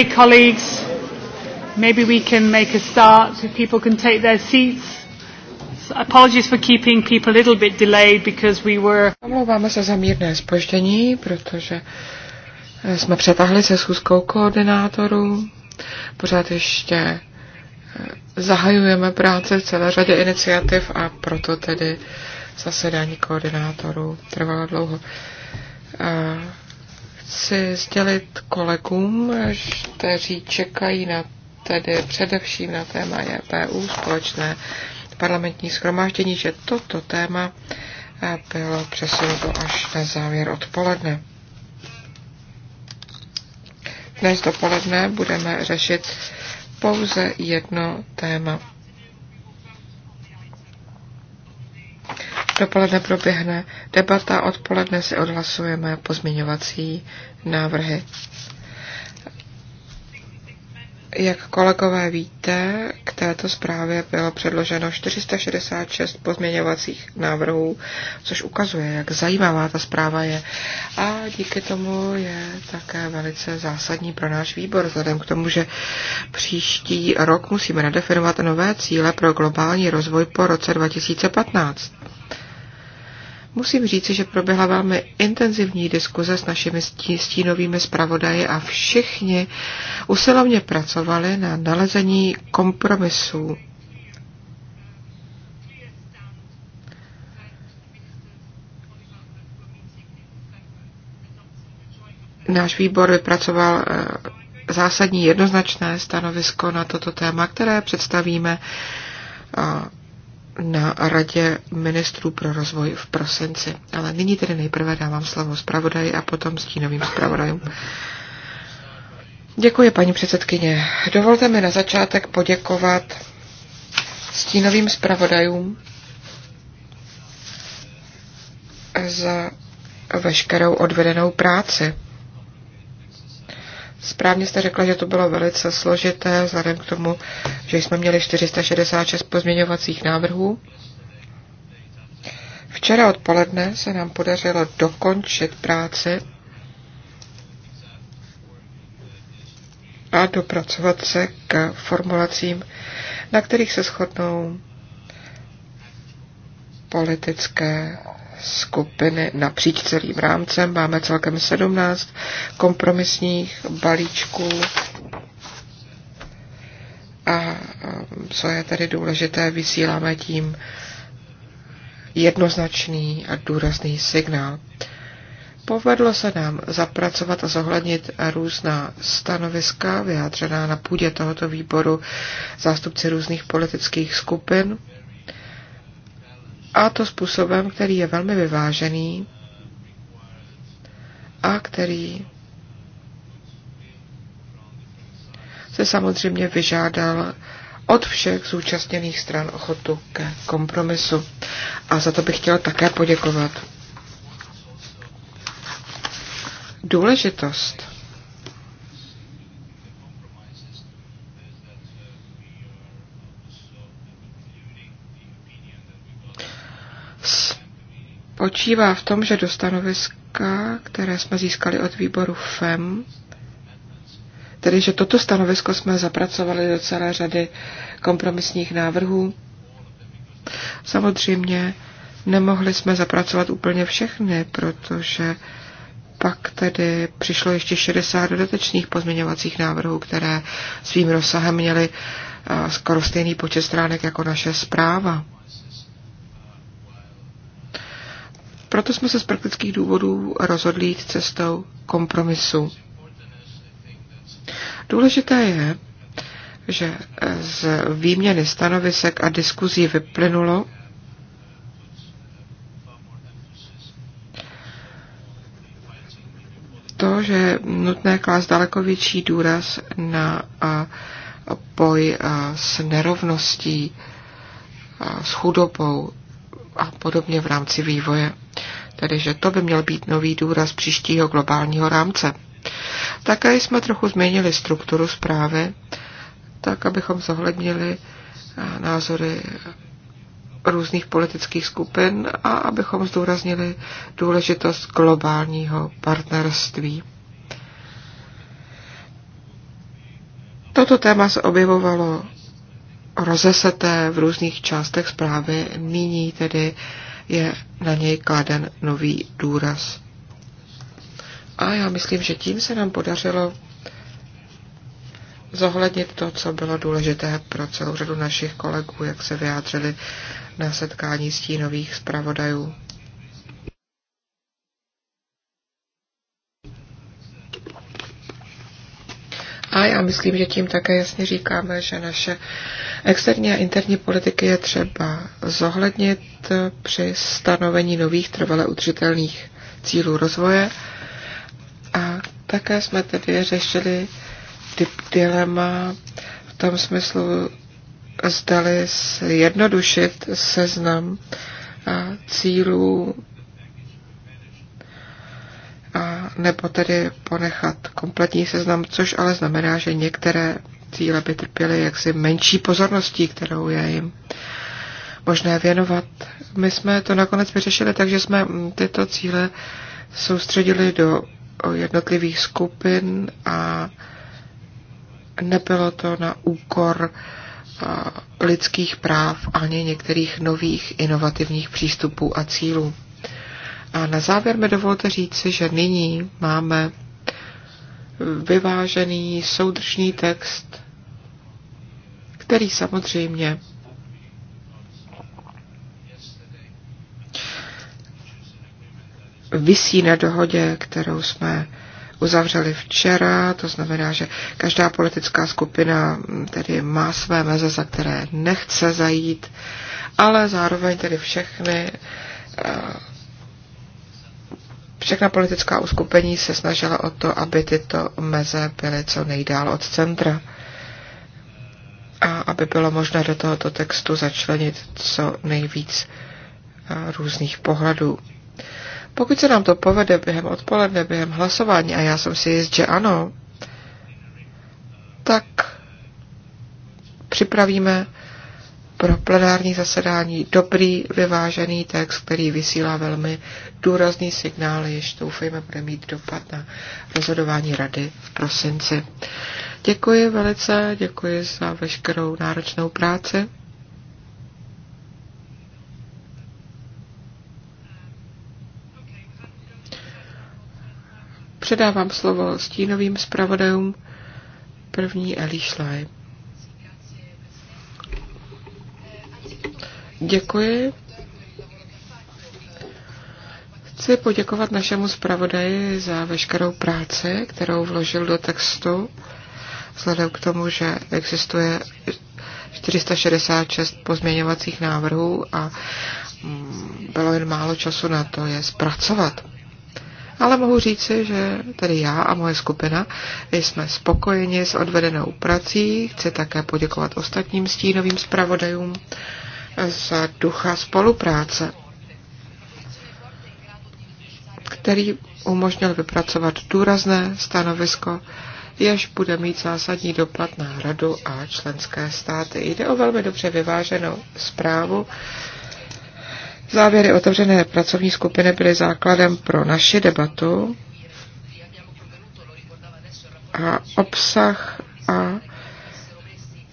okay, colleagues? Maybe we can make a start if people can take their seats. So apologies for keeping people a little bit delayed because we were... Omlouváme se za mírné spoždění, protože eh, jsme přetáhli se schůzkou koordinátorů. Pořád ještě eh, zahajujeme práce v celé řadě iniciativ a proto tedy zasedání koordinátorů trvalo dlouho. Uh, chci sdělit kolegům, kteří čekají na tedy především na téma JPU, e společné parlamentní schromáždění, že toto téma eh, bylo přesunuto až na závěr odpoledne. Dnes dopoledne budeme řešit pouze jedno téma. Dopoledne proběhne debata, odpoledne si odhlasujeme pozměňovací návrhy. Jak kolegové víte, k této zprávě bylo předloženo 466 pozměňovacích návrhů, což ukazuje, jak zajímavá ta zpráva je. A díky tomu je také velice zásadní pro náš výbor, vzhledem k tomu, že příští rok musíme nadefinovat nové cíle pro globální rozvoj po roce 2015. Musím říci, že proběhla velmi intenzivní diskuze s našimi stínovými zpravodaji a všichni usilovně pracovali na nalezení kompromisů. Náš výbor vypracoval eh, zásadní jednoznačné stanovisko na toto téma, které představíme eh, na Radě ministrů pro rozvoj v prosinci. Ale nyní tedy nejprve dávám slovo zpravodaji a potom stínovým zpravodajům. Děkuji, paní předsedkyně. Dovolte mi na začátek poděkovat stínovým zpravodajům za veškerou odvedenou práci. Správně jste řekla, že to bylo velice složité, vzhledem k tomu, že jsme měli 466 pozměňovacích návrhů. Včera odpoledne se nám podařilo dokončit práci a dopracovat se k formulacím, na kterých se shodnou politické skupiny napříč celým rámcem. Máme celkem 17 kompromisních balíčků. A um, co je tedy důležité, vysíláme tím jednoznačný a důrazný signál. Povedlo se nám zapracovat a zohlednit různá stanoviska vyjádřená na půdě tohoto výboru zástupci různých politických skupin a to způsobem, který je velmi vyvážený a který se samozřejmě vyžádal od všech zúčastněných stran ochotu ke kompromisu. A za to bych chtěla také poděkovat. Důležitost spočívá v tom, že do stanoviska, které jsme získali od výboru FEM, tedy že toto stanovisko jsme zapracovali do celé řady kompromisních návrhů. Samozřejmě nemohli jsme zapracovat úplně všechny, protože pak tedy přišlo ještě 60 dodatečných pozměňovacích návrhů, které svým rozsahem měly eh, skoro stejný počet stránek jako naše zpráva. Proto jsme se z praktických důvodů rozhodli jít cestou kompromisu. Důležité je, že z výměny stanovisek a diskuzí vyplynulo, to, že je nutné klást daleko větší důraz na boj s nerovností, s chudobou a podobně v rámci vývoje. Tedy, že to by měl být nový důraz příštího globálního rámce. Také jsme trochu změnili strukturu zprávy, tak abychom zohlednili eh, názory různých politických skupin a abychom zdůraznili důležitost globálního partnerství. Toto téma se objevovalo rozeseté v různých částech zprávy, nyní tedy je na něj kladen nový důraz. A já myslím, že tím se nám podařilo zohlednit to, co bylo důležité pro celou řadu našich kolegů, jak se vyjádřili na setkání stínových zpravodajů. A já myslím, že tím také jasně říkáme, že naše externí a interní politiky je třeba zohlednit při stanovení nových trvale udržitelných cílů rozvoje. A také jsme tedy řešili dilema v tom smyslu, zdali jednodušit seznam cílů nebo tedy ponechat kompletní seznam, což ale znamená, že některé cíle by trpěly jaksi menší pozorností, kterou je jim možné věnovat. My jsme to nakonec vyřešili, takže jsme tyto cíle soustředili do jednotlivých skupin a nebylo to na úkor lidských práv ani některých nových inovativních přístupů a cílů. A na závěr mi dovolte říci, že nyní máme vyvážený soudržný text, který samozřejmě vysí na dohodě, kterou jsme uzavřeli včera, to znamená, že každá politická skupina tedy má své meze, za které nechce zajít, ale zároveň tedy všechny eh, Všechna politická uskupení se snažila o to, aby tyto meze byly co nejdál od centra a aby bylo možné do tohoto textu začlenit co nejvíc eh, různých pohledů. Pokud se nám to povede během odpoledne, během hlasování, a já jsem si jist, že ano, tak připravíme pro plenární zasedání dobrý, vyvážený text, který vysílá velmi důrazný signál, jež doufejme bude mít dopad na rozhodování rady v prosinci. Děkuji velice, děkuji za veškerou náročnou práci. Předávám slovo stínovým zpravodajům. První Eli Schleim. Děkuji. Chci poděkovat našemu zpravodaji za veškerou práci, kterou vložil do textu, vzhledem k tomu, že existuje 466 pozměňovacích návrhů a mm, bylo jen málo času na to je zpracovat. Ale mohu říci, že tedy já a moje skupina jsme spokojeni s odvedenou prací. Chci také poděkovat ostatním stínovým zpravodajům za ducha spolupráce, který umožnil vypracovat důrazné stanovisko, jež bude mít zásadní dopad na radu a členské státy. Jde o velmi dobře vyváženou zprávu. Závěry otevřené pracovní skupiny byly základem pro naši debatu a obsah a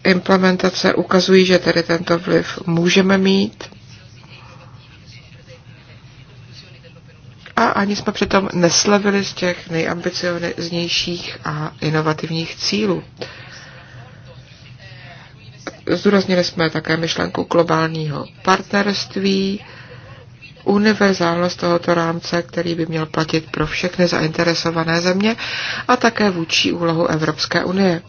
implementace ukazují, že tedy tento vliv můžeme mít. A ani jsme přitom neslevili z těch nejambicioznějších a inovativních cílů. Zdůraznili jsme také myšlenku globálního partnerství, univerzálnost tohoto rámce, který by měl platit pro všechny zainteresované země a také vůči úlohu Evropské unie.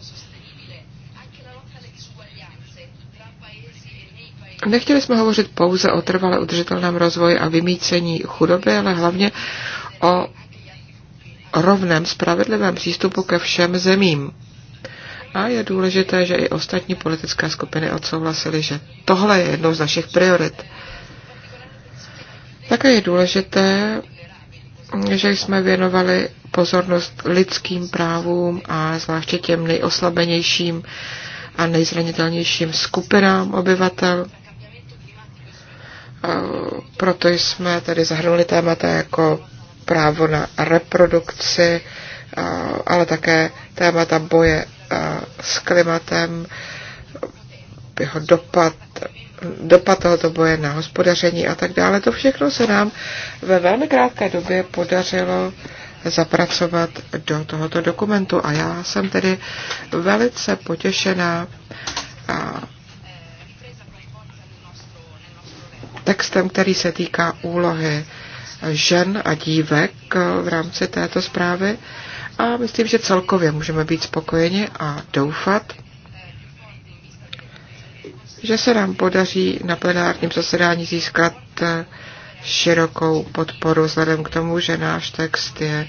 Nechtěli jsme hovořit pouze o trvale udržitelném rozvoji a vymícení chudoby, ale hlavně o rovném spravedlivém přístupu ke všem zemím. A je důležité, že i ostatní politické skupiny odsouhlasily, že tohle je jednou z našich priorit. Také je důležité, že jsme věnovali pozornost lidským právům a zvláště těm nejoslabenějším a nejzranitelnějším skupinám obyvatel proto jsme tady zahrnuli témata jako právo na reprodukci, ale také témata boje s klimatem, jeho dopad, dopad tohoto boje na hospodaření a tak dále. To všechno se nám ve velmi krátké době podařilo zapracovat do tohoto dokumentu a já jsem tedy velice potěšená textem, který se týká úlohy žen a dívek eh, v rámci této zprávy a myslím, že celkově můžeme být spokojeni a doufat, že se nám podaří na plenárním zasedání získat eh, širokou podporu, vzhledem k tomu, že náš text je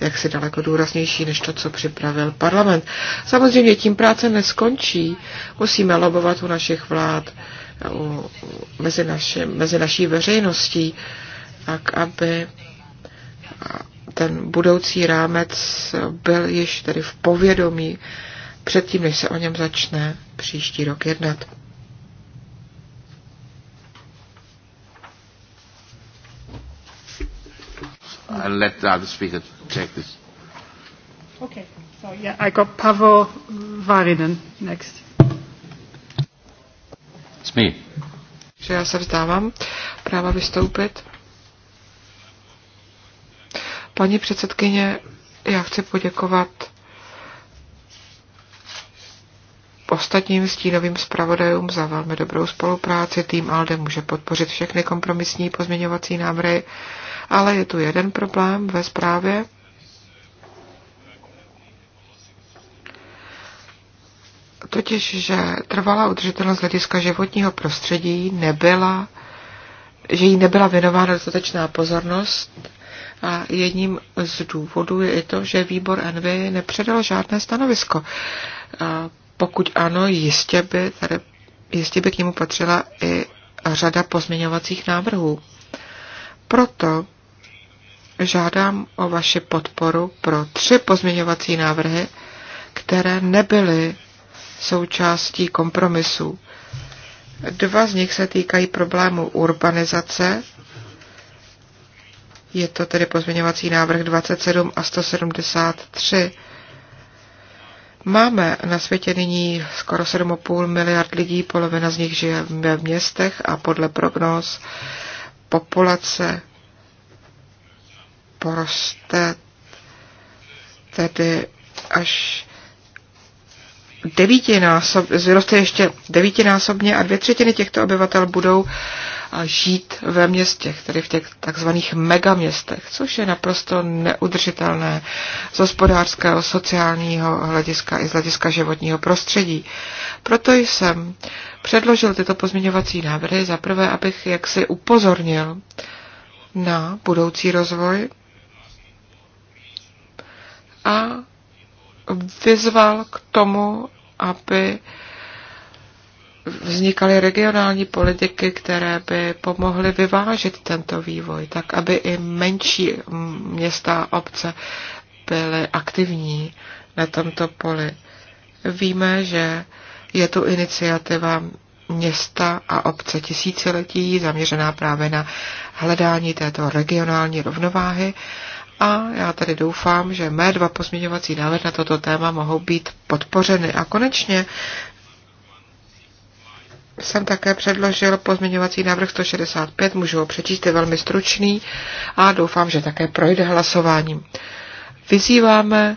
jaksi daleko důraznější než to, co připravil parlament. Samozřejmě tím práce neskončí. Musíme lobovat u našich vlád, mezi, naši, mezi naší veřejností, tak aby ten budoucí rámec byl již tedy v povědomí předtím, než se o něm začne příští rok jednat. I'll let the other speaker take this. Okay. So yeah, I got Pavel Varinen next. It's me. Že já se vzdávám práva vystoupit. Paní předsedkyně, já chci poděkovat ostatním stínovým zpravodajům za velmi dobrou spolupráci. Tým ALDE může podpořit všechny kompromisní pozměňovací návrhy, ale je tu jeden problém ve zprávě. totiž, že trvalá udržitelnost hlediska životního prostředí nebyla, že jí nebyla věnována dostatečná pozornost a jedním z důvodů je i to, že výbor NV nepředal žádné stanovisko. A pokud ano, jistě by, tady, jistě by k němu patřila i řada pozměňovacích návrhů. Proto žádám o vaši podporu pro tři pozměňovací návrhy, které nebyly součástí kompromisu. Dva z nich se týkají problému urbanizace, je to tedy pozměňovací návrh 27 a 173. Máme na světě nyní skoro 7,5 miliard lidí, polovina z nich žije ve městech a podle prognóz populace poroste tedy až devítinásob, vzroste ještě devítinásobně a dvě třetiny těchto obyvatel budou žít ve městech, tedy v těch takzvaných megaměstech, což je naprosto neudržitelné z hospodářského, sociálního hlediska i z hlediska životního prostředí. Proto jsem předložil tyto pozměňovací návrhy, prvé, abych jaksi upozornil na budoucí rozvoj a vyzval k tomu, aby vznikaly regionální politiky, které by pomohly vyvážit tento vývoj, tak aby i menší města a obce byly aktivní na tomto poli. Víme, že je tu iniciativa města a obce tisíciletí zaměřená právě na hledání této regionální rovnováhy a já tady doufám, že mé dva pozměňovací návrhy na toto téma mohou být podpořeny. A konečně jsem také předložil pozměňovací návrh 165, můžu ho přečíst, je velmi stručný a doufám, že také projde hlasováním. Vyzýváme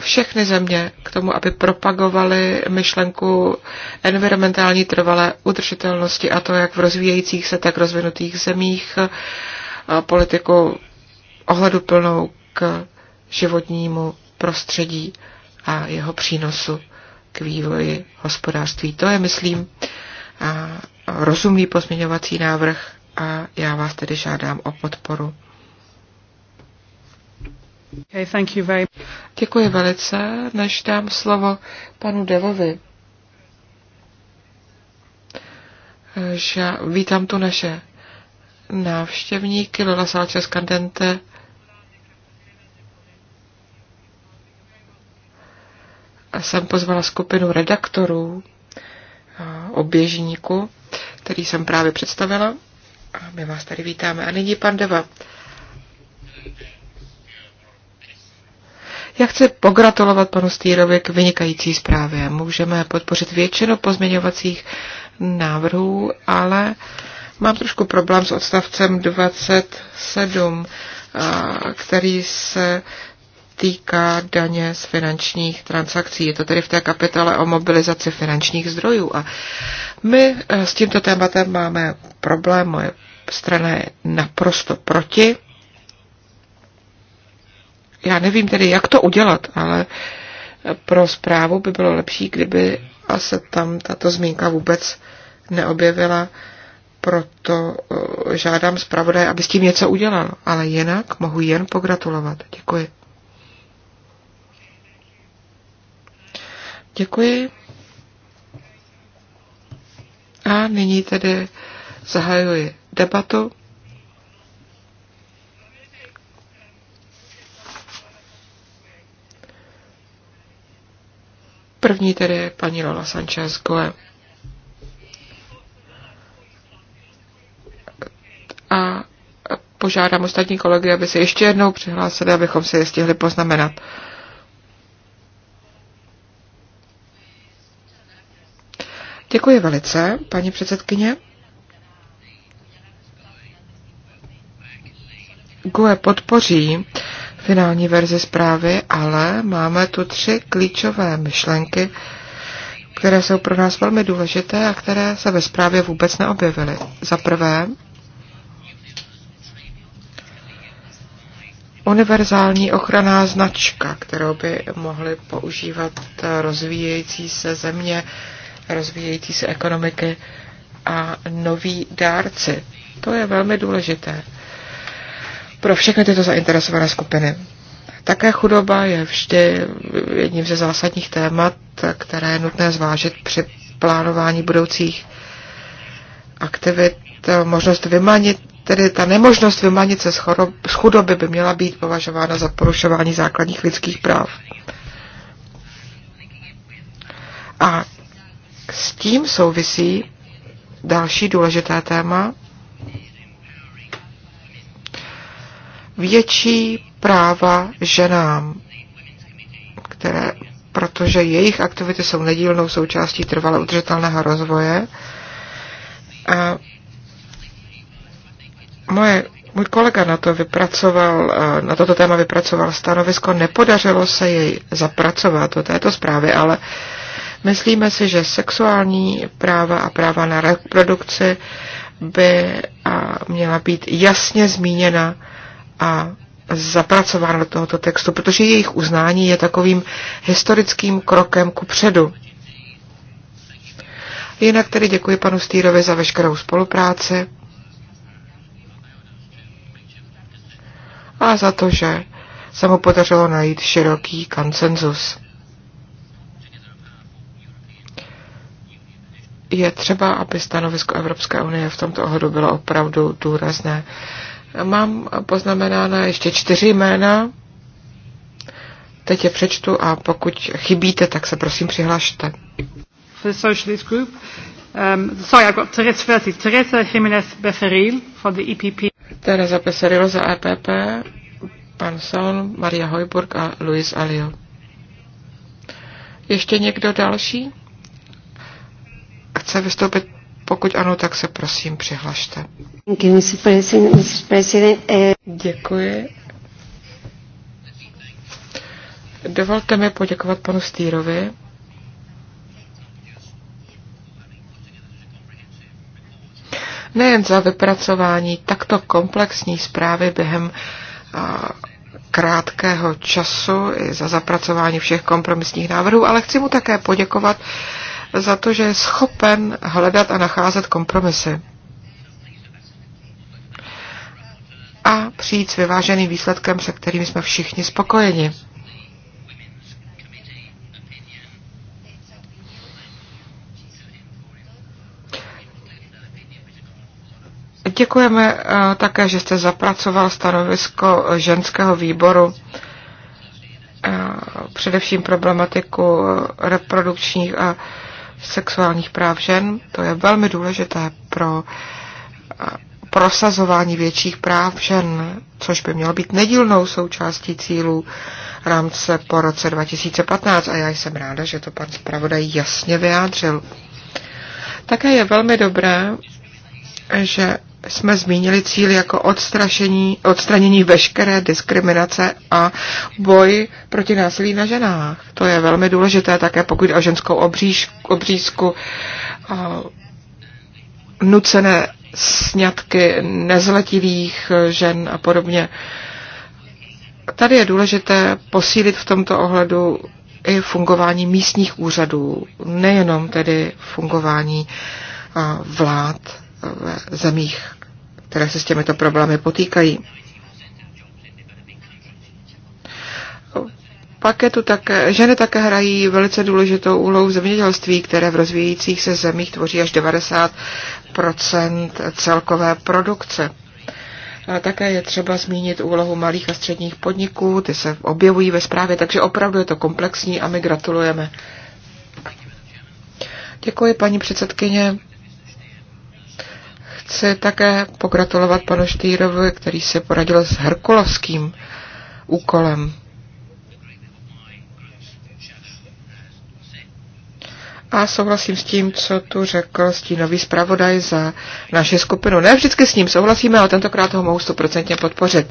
všechny země k tomu, aby propagovaly myšlenku environmentální trvalé udržitelnosti a to jak v rozvíjejících se, tak rozvinutých zemích, politiku plnou k životnímu prostředí a jeho přínosu k vývoji hospodářství. To je, myslím, rozumný pozměňovací návrh a já vás tedy žádám o podporu. Okay, thank you very... Děkuji velice, než dám slovo panu Devovi. Že vítám tu naše návštěvníky Lola z Candente, A jsem pozvala skupinu redaktorů oběžníku, který jsem právě představila. A my vás tady vítáme. A nyní pan Deva. Já chci pogratulovat panu Stýrovi k vynikající zprávě. Můžeme podpořit většinu pozměňovacích návrhů, ale mám trošku problém s odstavcem 27, eh, který se týká daně z finančních transakcí. Je to tedy v té kapitole o mobilizaci finančních zdrojů. A my eh, s tímto tématem máme problém. Moje strana je naprosto proti. Já nevím tedy, jak to udělat, ale pro zprávu by bylo lepší, kdyby se tam tato zmínka vůbec neobjevila, proto eh, žádám zpravodaje, aby s tím něco udělal, ale jinak mohu jen pogratulovat. Děkuji. Děkuji. A nyní tedy zahajuji debatu. První tedy paní Lola Sanchez Goe. A požádám ostatní kolegy, aby se ještě jednou přihlásili, abychom se je stihli poznamenat. Děkuji velice, paní předsedkyně. Goe podpoří finální verzi zprávy, ale máme tu tři klíčové myšlenky, které jsou pro nás velmi důležité a které se ve zprávě vůbec neobjevily. Za prvé, univerzální ochranná značka, kterou by mohly používat rozvíjející se země, rozvíjející se ekonomiky a noví dárci. To je velmi důležité pro všechny tyto zainteresované skupiny. Také chudoba je vždy jedním ze zásadních témat, které je nutné zvážit při plánování budoucích aktivit. Možnost vymanit, tedy ta nemožnost vymanit se z chudoby by měla být považována za porušování základních lidských práv. A s tím souvisí další důležité téma, větší práva ženám, které, protože jejich aktivity jsou nedílnou součástí trvale udržitelného rozvoje. A moje, můj kolega na, to vypracoval, eh, na toto téma vypracoval stanovisko, nepodařilo se jej zapracovat do této zprávy, ale myslíme si, že sexuální práva a práva na reprodukci by měla být jasně zmíněna a zapracována do tohoto textu, protože jejich uznání je takovým historickým krokem ku předu. Jinak tedy děkuji panu Stýrovi za veškerou spolupráci a za to, že se mu podařilo najít široký konsenzus. Je třeba, aby stanovisko Evropské unie v tomto ohledu bylo opravdu důrazné. Mám poznamenána ještě čtyři jména. Teď je přečtu a pokud chybíte, tak se prosím přihlašte. For the Socialist Group. Um, sorry, I've got Teresa, firstly, Teresa Jiménez Beferil for the EPP. Teresa Beferil za EPP, pan Son, Maria Hojburg a Luis Alio. Ještě někdo další? Chce vystoupit pokud ano, tak se prosím přihlašte. Eh, Děkuji. Dovolte mi poděkovat panu Stýrovi. Nejen za vypracování takto komplexní zprávy během krátkého času i za zapracování všech kompromisních návrhů, ale chci mu také poděkovat za to, že je schopen hledat a nacházet kompromisy. A přijít s vyváženým výsledkem, se kterým jsme všichni spokojeni. Děkujeme eh, také, že jste zapracoval stanovisko ženského výboru, eh, především problematiku reprodukčních a sexuálních práv žen. To je velmi důležité pro eh, prosazování větších práv žen, což by mělo být nedílnou součástí cílů rámce po roce 2015 a já jsem ráda, že to pan zpravodaj jasně vyjádřil. Také je velmi dobré, že jsme zmínili cíl jako odstrašení, odstranění veškeré diskriminace a boj proti násilí na ženách. To je velmi důležité také, pokud o ženskou obřížku, obřízku, a, nucené sňatky nezletilých žen a podobně. Tady je důležité posílit v tomto ohledu i fungování místních úřadů, nejenom tedy fungování vlád v zemích, které se s těmito problémy potýkají. Pak je tu také, ženy také hrají velice důležitou úlohu v zemědělství, které v rozvíjejících se zemích tvoří až 90 celkové produkce. A také je třeba zmínit úlohu malých a středních podniků, ty se objevují ve zprávě, takže opravdu je to komplexní a my gratulujeme. Děkuji, paní předsedkyně. Chci také pogratulovat panu Štýrovi, který se poradil s herkulovským úkolem. A souhlasím s tím, co tu řekl stínový zpravodaj za naši skupinu. Ne vždycky s ním souhlasíme, ale tentokrát ho mohu stoprocentně podpořit.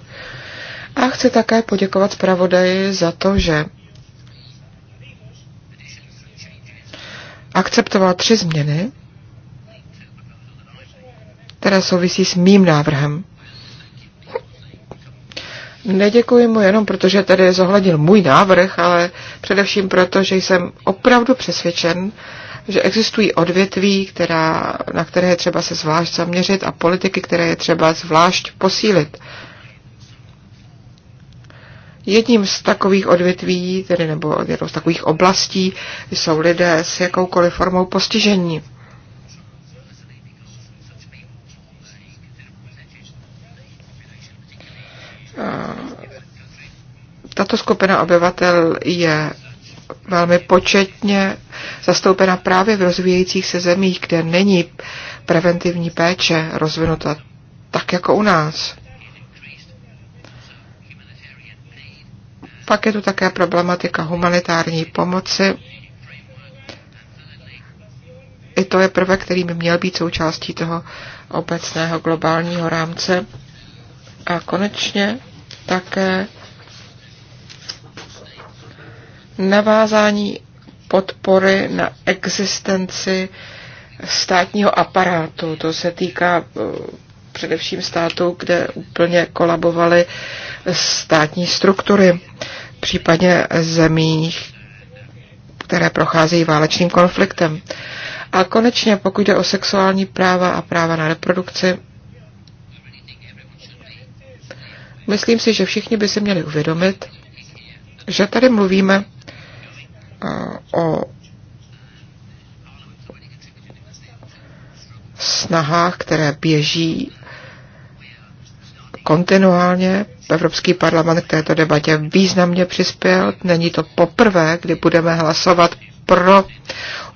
A chci také poděkovat zpravodaji za to, že akceptoval tři změny, které souvisí s mým návrhem. Neděkuji mu jenom proto, že tady zohlednil můj návrh, ale především proto, že jsem opravdu přesvědčen, že existují odvětví, která, na které je třeba se zvlášť zaměřit a politiky, které je třeba zvlášť posílit. Jedním z takových odvětví, tedy nebo jednou z takových oblastí, jsou lidé s jakoukoliv formou postižení. Tato skupina obyvatel je velmi početně zastoupena právě v rozvíjejících se zemích, kde není preventivní péče rozvinuta tak jako u nás. Pak je tu také problematika humanitární pomoci. I to je prvek, který by měl být součástí toho obecného globálního rámce. A konečně také navázání podpory na existenci státního aparátu. To se týká eh, především států, kde úplně kolabovaly státní struktury, případně zemí, které procházejí válečným konfliktem. A konečně, pokud jde o sexuální práva a práva na reprodukci, Myslím si, že všichni by si měli uvědomit, že tady mluvíme eh, o snahách, které běží kontinuálně. Evropský parlament k této debatě významně přispěl. Není to poprvé, kdy budeme hlasovat pro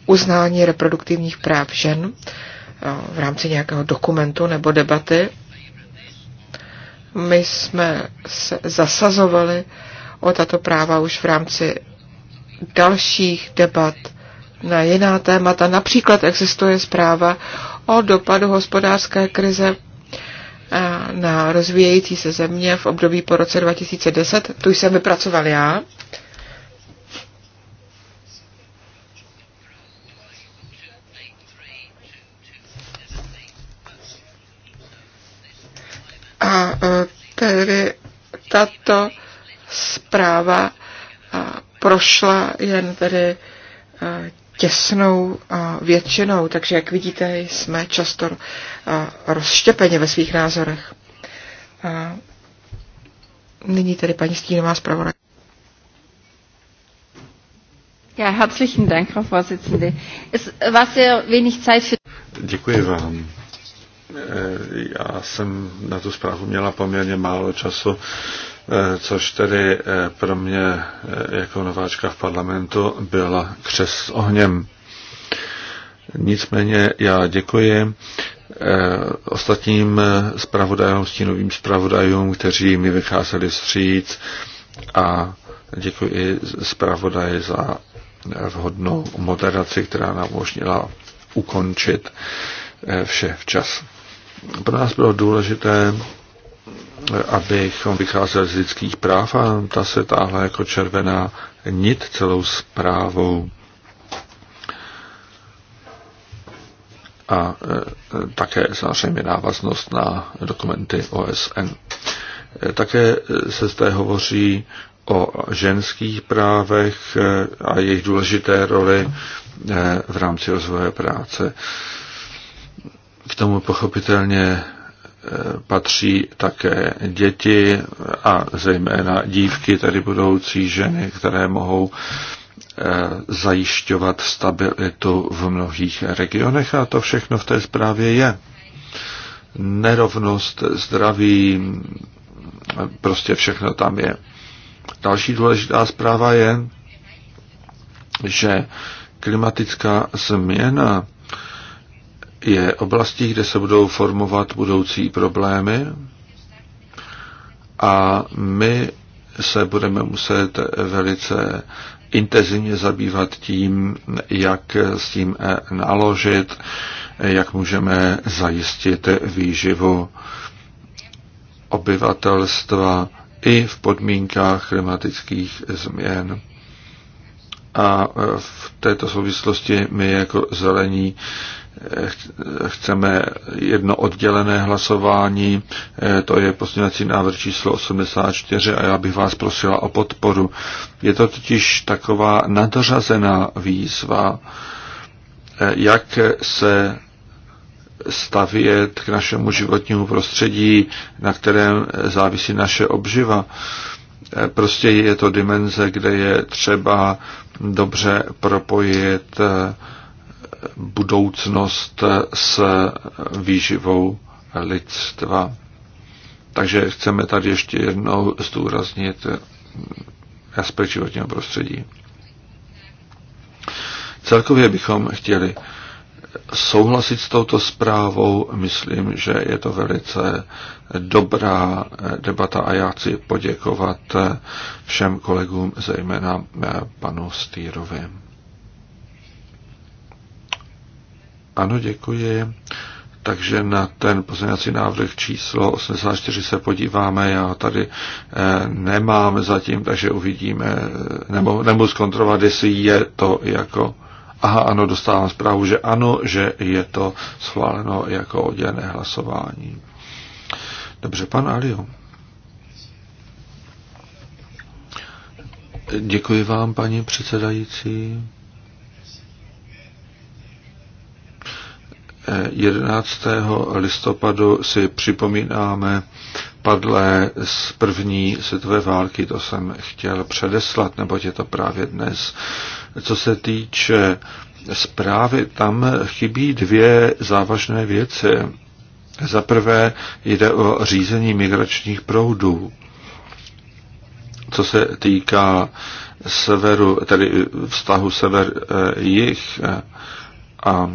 uznání reproduktivních práv žen eh, v rámci nějakého dokumentu nebo debaty. My jsme se zasazovali o tato práva už v rámci dalších debat na jiná témata. Například existuje zpráva o dopadu hospodářské krize na rozvíjející se země v období po roce 2010. Tu jsem vypracoval já E, tedy tato zpráva e, prošla jen tedy e, těsnou většinou, takže jak vidíte, jsme často rozštěpeni ve svých názorech. nyní tedy paní Stínová zpravodaj. Ja, herzlichen Dank, Frau Vorsitzende. Es war sehr wenig Zeit für... Děkuji vám. Eh, já jsem na tu zprávu měla poměrně málo času, eh, což tedy eh, pro mě jako nováčka v parlamentu byla křes ohněm. Nicméně já děkuji ostatním zpravodajům, stínovým zpravodajům, kteří mi vycházeli vstříc a děkuji i zpravodaji za vhodnou moderaci, která nám umožnila ukončit vše včas pro nás bylo důležité, abychom vycházeli z lidských práv a ta se táhla jako červená nit celou zprávou. A e, také samozřejmě návaznost na dokumenty OSN. E, také e, se zde hovoří o ženských právech a jejich důležité roli v rámci rozvoje práce. K tomu pochopitelně eh, patří také děti a zejména dívky, tedy budoucí ženy, které mohou eh, zajišťovat stabilitu v mnohých regionech a to všechno v té zprávě je. Nerovnost, zdraví, prostě všechno tam je. Další důležitá zpráva je, že klimatická změna je oblastí, kde se budou formovat budoucí problémy a my se budeme muset velice intenzivně zabývat tím, jak s tím naložit, jak můžeme zajistit výživu obyvatelstva i v podmínkách klimatických změn. A e, v této souvislosti my jako zelení e, e, chceme jedno oddělené hlasování, to je poslanecí návrh číslo 84 a já bych vás prosila o podporu. Je to totiž taková nadřazená výzva, jak se stavět k našemu životnímu prostředí, na kterém závisí naše obživa. Eh, prostě je to dimenze, kde je třeba dobře propojit eh, budoucnost eh, s výživou lidstva. Takže chceme tady ještě jednou zdůraznit aspekt životního prostředí. Celkově bychom chtěli souhlasit s touto zprávou. Myslím, že je to velice dobrá eh, debata a já chci poděkovat eh, všem kolegům, zejména eh, panu Stýrovi. Ano, děkuji. Takže na ten pozměňovací návrh číslo 84 se podíváme. Já tady eh, nemám zatím, takže uvidíme, nebo nebudu zkontrolovat, jestli je to jako Aha, ano, dostávám zprávu, že ano, že je to schváleno jako oddělené hlasování. Dobře, pan Alio. Děkuji vám, paní předsedající. 11. listopadu si připomínáme padlé z první světové války, to jsem chtěl předeslat, neboť je to právě dnes co se týče zprávy, tam chybí dvě závažné věci. Za prvé jde o řízení migračních proudů. Co se týká severu, tedy vztahu sever-jih a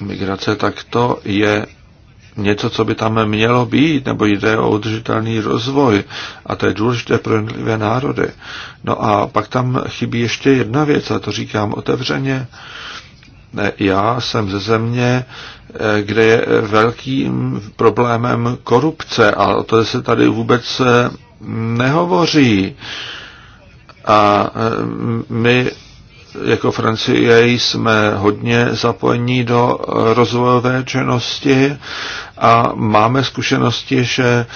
migrace, tak to je něco, co by tam mělo být, nebo jde o udržitelný rozvoj a to je důležité pro jednotlivé národy. No a pak tam chybí ještě jedna věc, a to říkám otevřeně. Já jsem ze země, eh, kde je velkým problémem korupce a o to se tady vůbec eh, nehovoří. A eh, my jako Francie jsme hodně zapojení do rozvojové činnosti a máme zkušenosti, že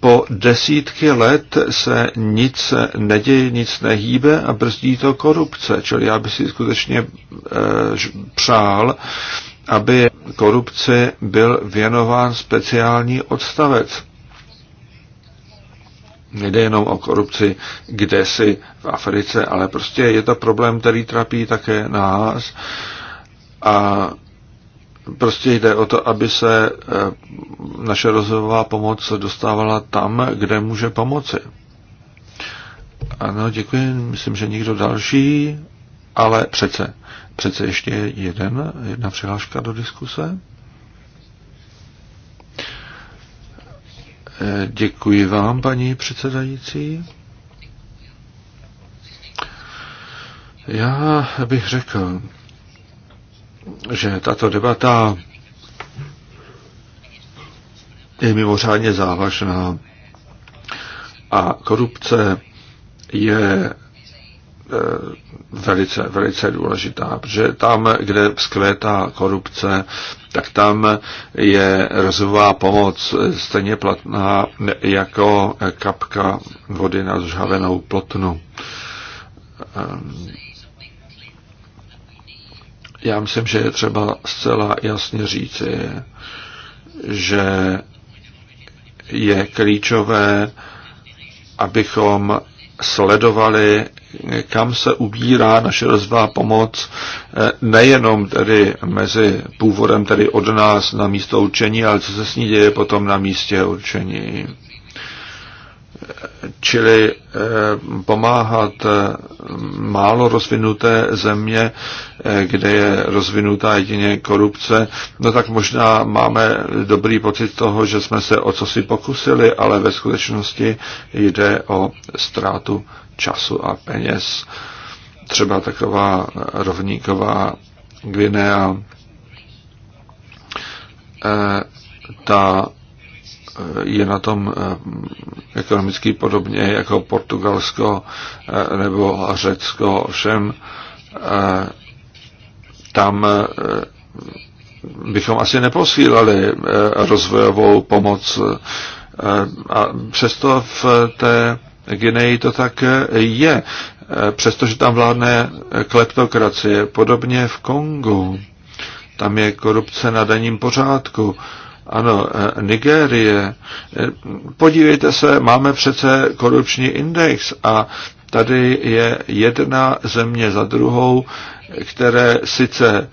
po desítky let se nic neděje, nic nehýbe a brzdí to korupce. Čili já bych si skutečně eh, přál, aby korupci byl věnován speciální odstavec Nejde jenom o korupci kde si v Africe, ale prostě je to problém, který trapí také nás. A prostě jde o to, aby se eh, naše rozvojová pomoc dostávala tam, kde může pomoci. Ano, děkuji. Myslím, že nikdo další, ale přece. Přece ještě jeden, jedna přihláška do diskuse. Děkuji vám, paní předsedající. Já bych řekl, že tato debata je mimořádně závažná a korupce je Eh, velice, velice důležitá, protože tam, kde vzkvétá korupce, tak tam je rozvojová pomoc stejně platná jako kapka vody na zžhavenou plotnu. Eh, já myslím, že je třeba zcela jasně říci, že je klíčové, abychom sledovali kam se ubírá naše rozvá pomoc, eh, nejenom tedy mezi původem tedy od nás na místo učení, ale co se s ní děje potom na místě učení. Čili eh, pomáhat eh, málo rozvinuté země, kde je rozvinutá jedině korupce, no tak možná máme dobrý pocit toho, že jsme se o co si pokusili, ale ve skutečnosti jde o ztrátu času a peněz. Třeba taková rovníková Gvinea, e, ta e, je na tom e, ekonomicky podobně jako Portugalsko nebo Řecko, ovšem tam bychom asi neposílali rozvojovou pomoc a přesto v té Gineji to tak je, přestože tam vládne kleptokracie. Podobně v Kongu, tam je korupce na daním pořádku. Ano, Nigérie. Podívejte se, máme přece korupční index a tady je jedna země za druhou, které sice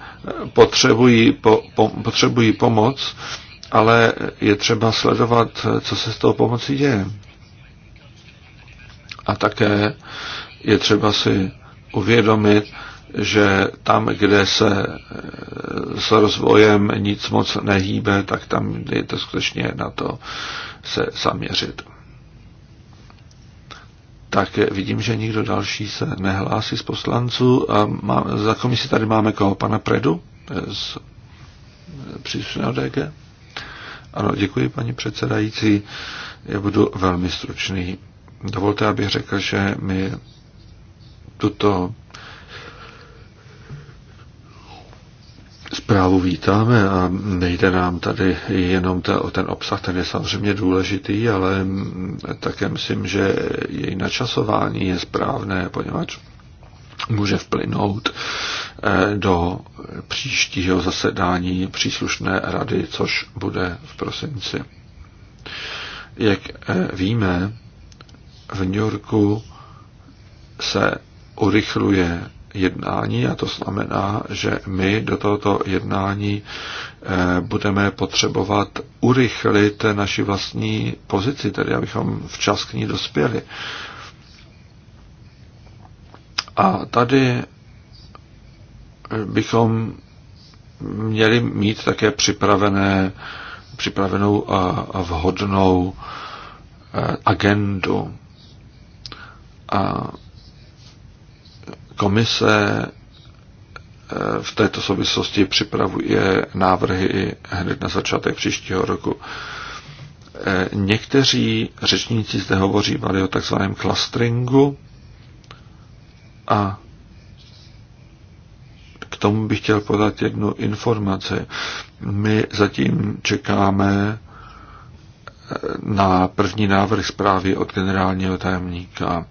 potřebují, po, po, potřebují pomoc, ale je třeba sledovat, co se s tou pomocí děje. A také je třeba si uvědomit, že tam, kde se eh, s rozvojem nic moc nehýbe, tak tam je to skutečně na to se zaměřit. Tak vidím, že nikdo další se nehlásí z poslanců. A má, za komisi tady máme koho? Pana Predu eh, z eh, příslušného DG? Ano, děkuji, paní předsedající. Já budu velmi stručný. Dovolte, abych řekl, že my tuto zprávu vítáme a nejde nám tady jenom ta, o ten obsah, ten je samozřejmě důležitý, ale také myslím, že její načasování je správné, poněvadž může vplynout eh, do příštího zasedání příslušné rady, což bude v prosinci. Jak eh, víme, v New Yorku se urychluje jednání a to znamená, že my do tohoto jednání eh, budeme potřebovat urychlit naši vlastní pozici, tedy abychom včas k ní dospěli. A tady bychom měli mít také připravené, připravenou a vhodnou eh, agendu a komise eh, v této souvislosti připravuje návrhy hned na začátek příštího roku. Eh, někteří řečníci zde hovořívali o takzvaném clusteringu a k tomu bych chtěl podat jednu informaci. My zatím čekáme eh, na první návrh zprávy od generálního tajemníka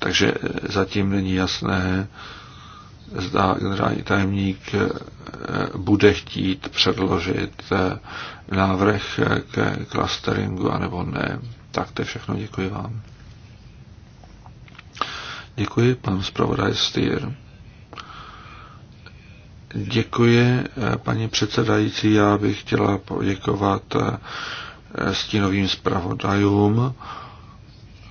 takže eh, zatím není jasné, zda generální tajemník eh, bude chtít předložit eh, návrh k clusteringu, anebo ne. Tak to je všechno, děkuji vám. Děkuji, pan zpravodaj Stýr. Děkuji, paní předsedající. Já bych chtěla poděkovat stínovým zpravodajům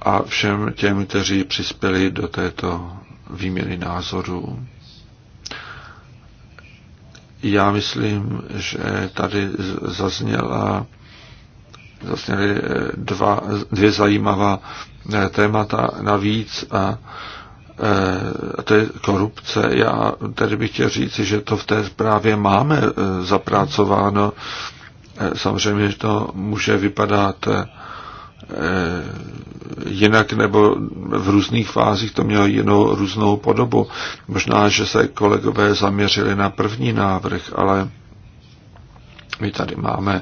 a všem těm, kteří přispěli do této výměny názorů. Já myslím, že tady zazněla, zazněly eh, dva, dvě zajímavá eh, témata navíc a eh, a to je korupce. Já tady bych chtěl říci, že to v té zprávě máme zapracováno. Samozřejmě, že to může vypadat Eh, jinak nebo v různých fázích to mělo jinou různou podobu. Možná, že se kolegové zaměřili na první návrh, ale my tady máme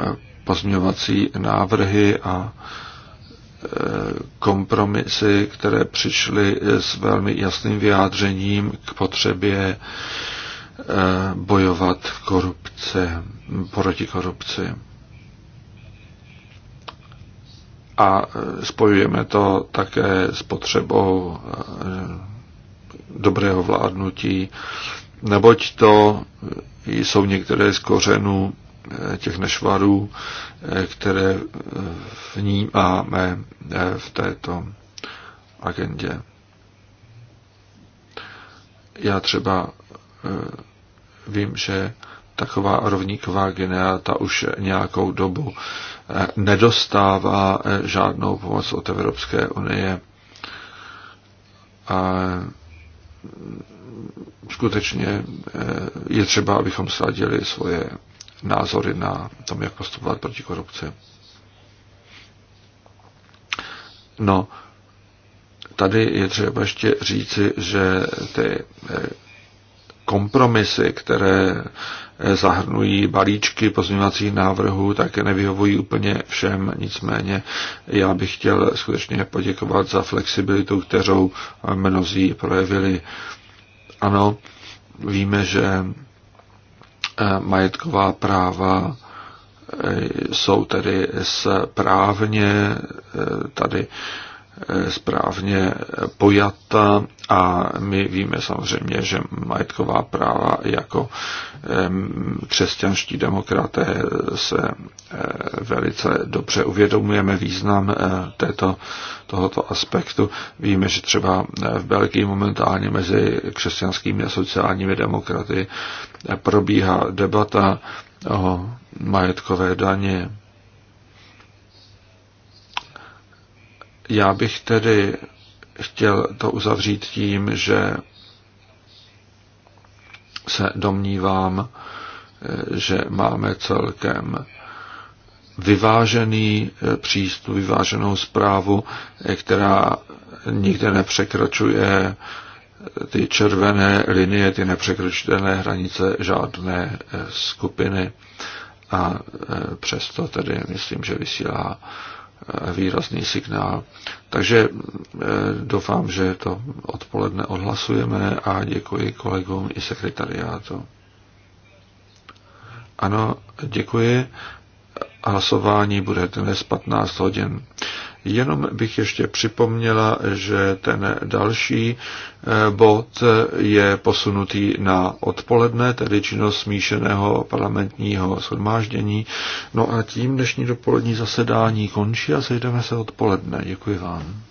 eh, pozměňovací návrhy a eh, kompromisy, které přišly s velmi jasným vyjádřením k potřebě bojovat korupce, proti korupci. a e, spojujeme to také s potřebou e, dobrého vládnutí, neboť to jsou některé z kořenů e, těch nešvarů, které vnímáme v této agendě. Já třeba vím, že taková rovníková genea ta už nějakou dobu eh, nedostává eh, žádnou pomoc od Evropské unie. A mm, skutečně eh, je třeba, abychom sladili svoje názory na tom, jak postupovat proti korupci. No, tady je třeba ještě říci, že ty kompromisy, které eh, zahrnují balíčky pozměňovacích návrhů, tak nevyhovují úplně všem. Nicméně já bych chtěl skutečně poděkovat za flexibilitu, kterou mnozí projevili. Ano, víme, že eh, majetková práva eh, jsou tedy správně tady správně pojata a my víme samozřejmě, že majetková práva jako křesťanští demokraté se eh, velice dobře uvědomujeme význam eh, této, tohoto aspektu. Víme, že třeba eh, v Belgii momentálně mezi křesťanskými a sociálními demokraty probíhá debata o majetkové daně Já bych tedy chtěl to uzavřít tím, že se domnívám, že máme celkem vyvážený eh, přístup, vyváženou zprávu, eh, která nikde nepřekračuje eh, ty červené linie, ty nepřekročitelné hranice žádné skupiny. A přesto tedy myslím, že vysílá Eh, výrazný signál. Takže eh, doufám, že to odpoledne odhlasujeme a děkuji kolegům i sekretariátu. Ano, děkuji. Hlasování bude dnes 15 hodin. Jenom bych ještě připomněla, že ten další eh, bod je posunutý na odpoledne, tedy činnost smíšeného parlamentního shromáždění. No a tím dnešní dopolední zasedání končí a sejdeme se odpoledne. Děkuji vám.